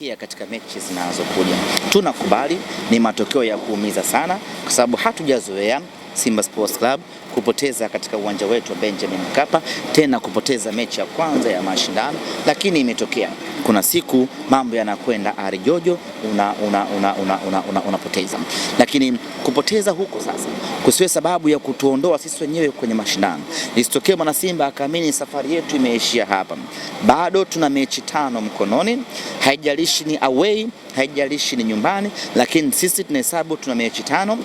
Pia katika mechi zinazokuja tunakubali ni matokeo ya kuumiza sana, kwa sababu hatujazoea Simba Sports Club kupoteza katika uwanja wetu wa Benjamin Mkapa, tena kupoteza mechi ya kwanza ya mashindano, lakini imetokea kuna siku mambo yanakwenda arijojo, unapoteza una, una, una, una, una, una. Lakini kupoteza huko sasa kusiwe sababu ya kutuondoa sisi wenyewe kwenye mashindano. Isitokee mwana Simba akaamini safari yetu imeishia hapa. Bado tuna mechi tano mkononi, haijalishi ni away, haijalishi ni nyumbani, lakini sisi tunahesabu tuna mechi tano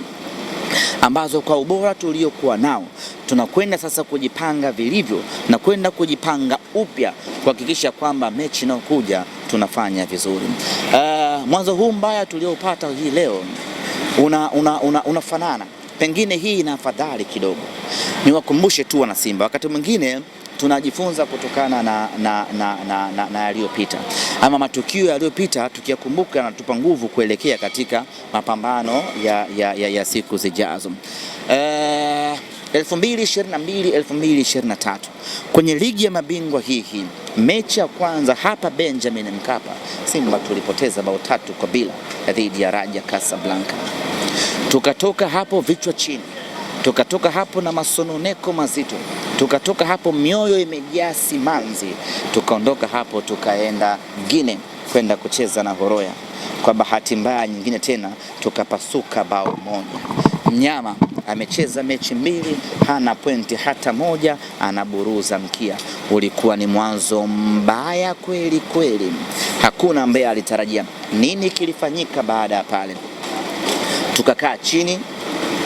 ambazo kwa ubora tuliokuwa nao tunakwenda sasa kujipanga vilivyo na kwenda kujipanga upya kuhakikisha kwamba mechi inayokuja tunafanya vizuri. Uh, mwanzo huu mbaya tuliopata hii leo una, una, una, unafanana, pengine hii ina afadhali kidogo. Niwakumbushe tu wana Simba, wakati mwingine tunajifunza kutokana na, na, na, na, na, na yaliyopita ama matukio yaliyopita tukiyakumbuka, yanatupa nguvu kuelekea katika mapambano ya, ya, ya, ya siku zijazo. E, 2022 2023 kwenye ligi ya mabingwa hii hii mechi ya kwanza hapa Benjamin Mkapa, Simba tulipoteza bao tatu kwa bila dhidi ya Raja Casablanca, tukatoka hapo vichwa chini tukatoka hapo na masononeko mazito, tukatoka hapo mioyo imejaa simanzi, tukaondoka hapo tukaenda Gine kwenda kucheza na Horoya. Kwa bahati mbaya nyingine tena tukapasuka bao moja. Mnyama amecheza mechi mbili hana pointi hata moja, anaburuza mkia. Ulikuwa ni mwanzo mbaya kweli kweli, hakuna ambaye alitarajia. Nini kilifanyika baada ya pale? Tukakaa chini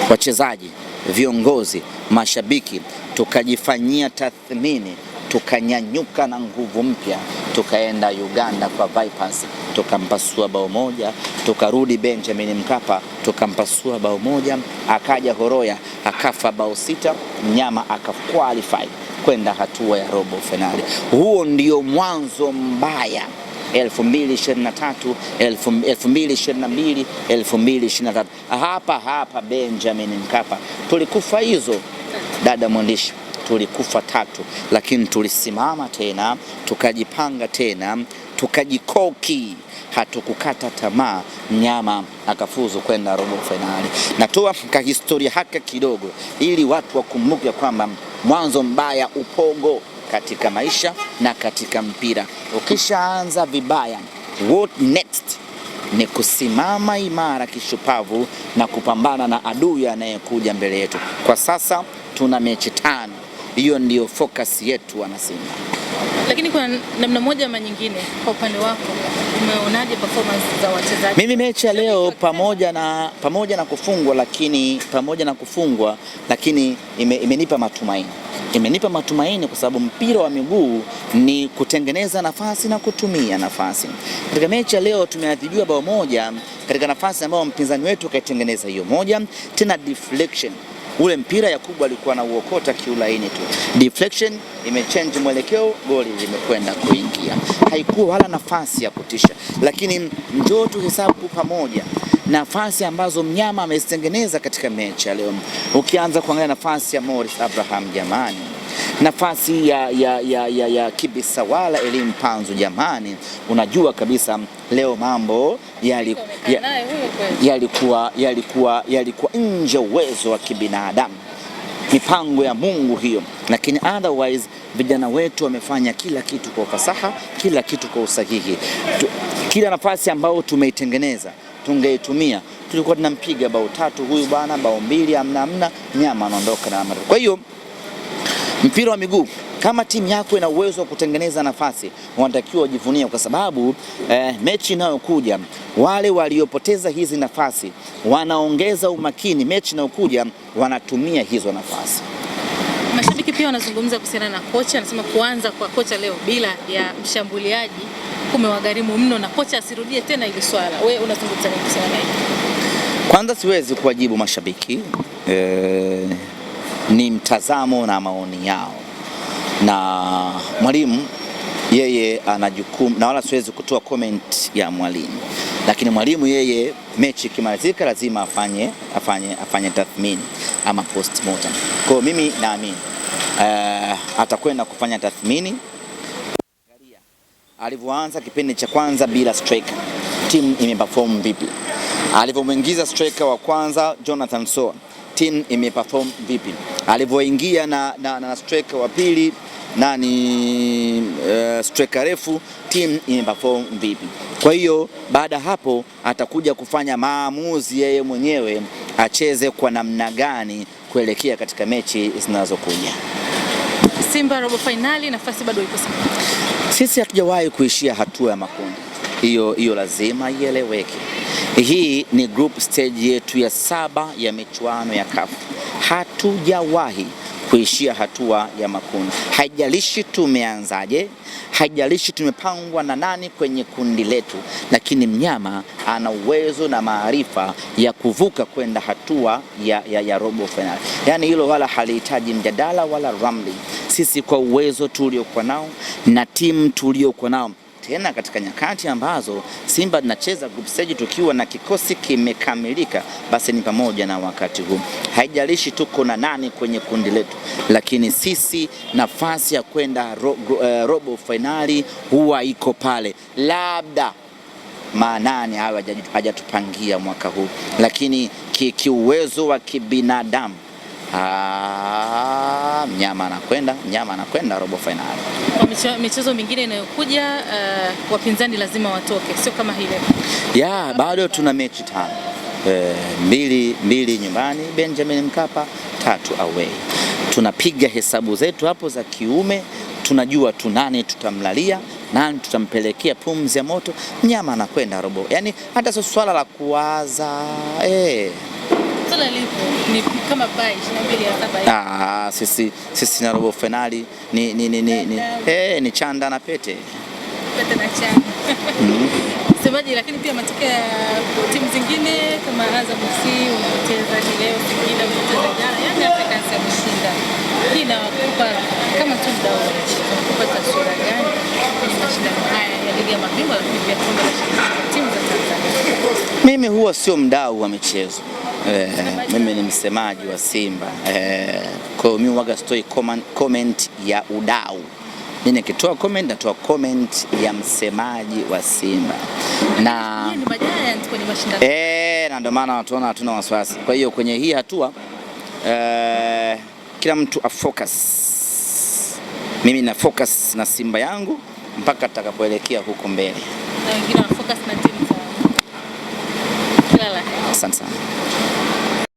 wachezaji viongozi, mashabiki, tukajifanyia tathmini, tukanyanyuka na nguvu mpya, tukaenda Uganda kwa Vipers tukampasua bao moja, tukarudi Benjamin Mkapa tukampasua bao moja, akaja Horoya akafa bao sita, mnyama akakwalify kwenda hatua ya robo fainali. Huo ndio mwanzo mbaya. 2023, Hapa hapa Benjamin Mkapa tulikufa hizo, dada mwandishi, tulikufa tatu, lakini tulisimama tena tukajipanga tena tukajikoki hatukukata tamaa. Mnyama akafuzu kwenda robo fainali. Natoa historia haka kidogo, ili watu wakumbuke kwamba mwanzo mbaya upogo katika maisha na katika mpira. Ukishaanza vibaya, what next? Ni kusimama imara kishupavu na kupambana na adui anayekuja mbele yetu. Kwa sasa tuna mechi tano, hiyo ndiyo focus yetu wanasimba. Lakini kwa namna moja ama nyingine, kwa upande wako umeonaje performance za wachezaji? Mimi mechi ya leo pamoja na, pamoja na kufungwa lakini, pamoja na kufungwa lakini imenipa ime matumaini imenipa matumaini kwa sababu mpira wa miguu ni kutengeneza nafasi na kutumia nafasi. Katika mechi ya leo tumeadhibiwa bao moja katika nafasi ambayo mpinzani wetu akaitengeneza hiyo moja, tena deflection ule mpira Yakubu alikuwa na uokota kiulaini tu, deflection imechange mwelekeo, goli limekwenda kuingia. Haikuwa wala nafasi ya kutisha, lakini njoo hesabu pamoja nafasi ambazo mnyama amezitengeneza katika mechi ya leo. Ukianza kuangalia nafasi ya Morris Abraham, jamani nafasi ya, ya, ya, ya, ya kibisawala elimu panzu. Jamani, unajua kabisa leo mambo yalikuwa yalikuwa yalikuwa yalikuwa nje uwezo wa kibinadamu, mipango ya Mungu hiyo, lakini otherwise vijana wetu wamefanya kila kitu kwa ufasaha, kila kitu kwa usahihi. Kila nafasi ambayo tumeitengeneza tungeitumia, tulikuwa tunampiga bao tatu huyu bwana, bao mbili, amna amna, nyama anaondoka na amara. Kwa hiyo Mpira wa miguu kama timu yako ina uwezo wa kutengeneza nafasi, wanatakiwa wajivunie, kwa sababu eh, mechi inayokuja wale waliopoteza hizi nafasi wanaongeza umakini, mechi inayokuja wanatumia hizo nafasi. Mashabiki pia wanazungumza kuhusiana na kocha, anasema kuanza kwa kocha leo bila ya mshambuliaji kumewagharimu mno na kocha asirudie tena hili swala. Wewe unazungumza nini kuhusiana na hili? Kwanza siwezi kuwajibu mashabiki eh ni mtazamo na maoni yao, na mwalimu yeye ana jukumu, na wala siwezi kutoa comment ya mwalimu, lakini mwalimu yeye mechi ikimalizika lazima afanye, afanye, afanye tathmini ama postmortem. Kwa mimi naamini uh, atakwenda kufanya tathmini alivyoanza kipindi cha kwanza bila striker, timu imeperform vipi? Alivyomwingiza striker wa kwanza Jonathan Soa Martin imeperform vipi. Alivyoingia na, na, na striker wa pili nani uh, eh, striker refu timu imeperform vipi. Kwa hiyo baada ya hapo atakuja kufanya maamuzi yeye mwenyewe acheze kwa namna gani kuelekea katika mechi zinazokuja. Simba robo finali, nafasi bado ipo sana. Sisi hatujawahi kuishia hatua ya makundi, hiyo hiyo lazima ieleweke. Hii ni group stage yetu ya saba ya michuano ya CAF. Hatujawahi kuishia hatua ya makundi. Haijalishi tumeanzaje, haijalishi tumepangwa na nani kwenye kundi letu, lakini mnyama ana uwezo na maarifa ya kuvuka kwenda hatua ya, ya, ya robo finali. Yaani hilo wala halihitaji mjadala wala ramli. Sisi kwa uwezo tuliokuwa nao na timu tuliokuwa nao tena katika nyakati ambazo Simba tunacheza group stage tukiwa na kikosi kimekamilika, basi ni pamoja na wakati huu. Haijalishi tuko na nani kwenye kundi letu, lakini sisi nafasi ya kwenda ro, uh, robo fainali huwa iko pale, labda maanani hayo hajatupangia mwaka huu, lakini kiuwezo ki wa kibinadamu ah, mnyama anakwenda, mnyama anakwenda robo finali. Kwa michezo mingine inayokuja, uh, wapinzani lazima watoke, sio kama hile ya bado tuna mechi tano e, mbili, mbili nyumbani Benjamin Mkapa, tatu away. Tunapiga hesabu zetu hapo za kiume, tunajua tu nani tutamlalia nani tutampelekea pumzi ya moto, mnyama anakwenda robo. Yani hata sio swala la kuwaza eh. Ah, sisi sisi na robo finali ni ni ni ni, ni. Hey, ni chanda na pete. Pete na chanda. Mm. Semaji, lakini pia matokeo ya timu zingine kama Azam FC umepoteza leo, Singida umepoteza jana, yani Africans yameshinda. Hii inawakupa kama tu mdau kupata sura gani kwenye mashindano haya ya Ligi ya Mabingwa lakini pia kombe la timu za Tanzania? Mimi huwa sio mdau wa michezo Eh, mimi ni msemaji wa Simba e, kwa hiyo mimi waga sitoi comment ya udau. Mimi nikitoa comment natoa comment ya msemaji wa Simba na eh, na ndio maana watuona hatuna wasiwasi. Kwa hiyo kwenye hii hatua eh, kila mtu afocus. Mimi na focus na Simba yangu mpaka atakapoelekea huko mbele. Asante sana.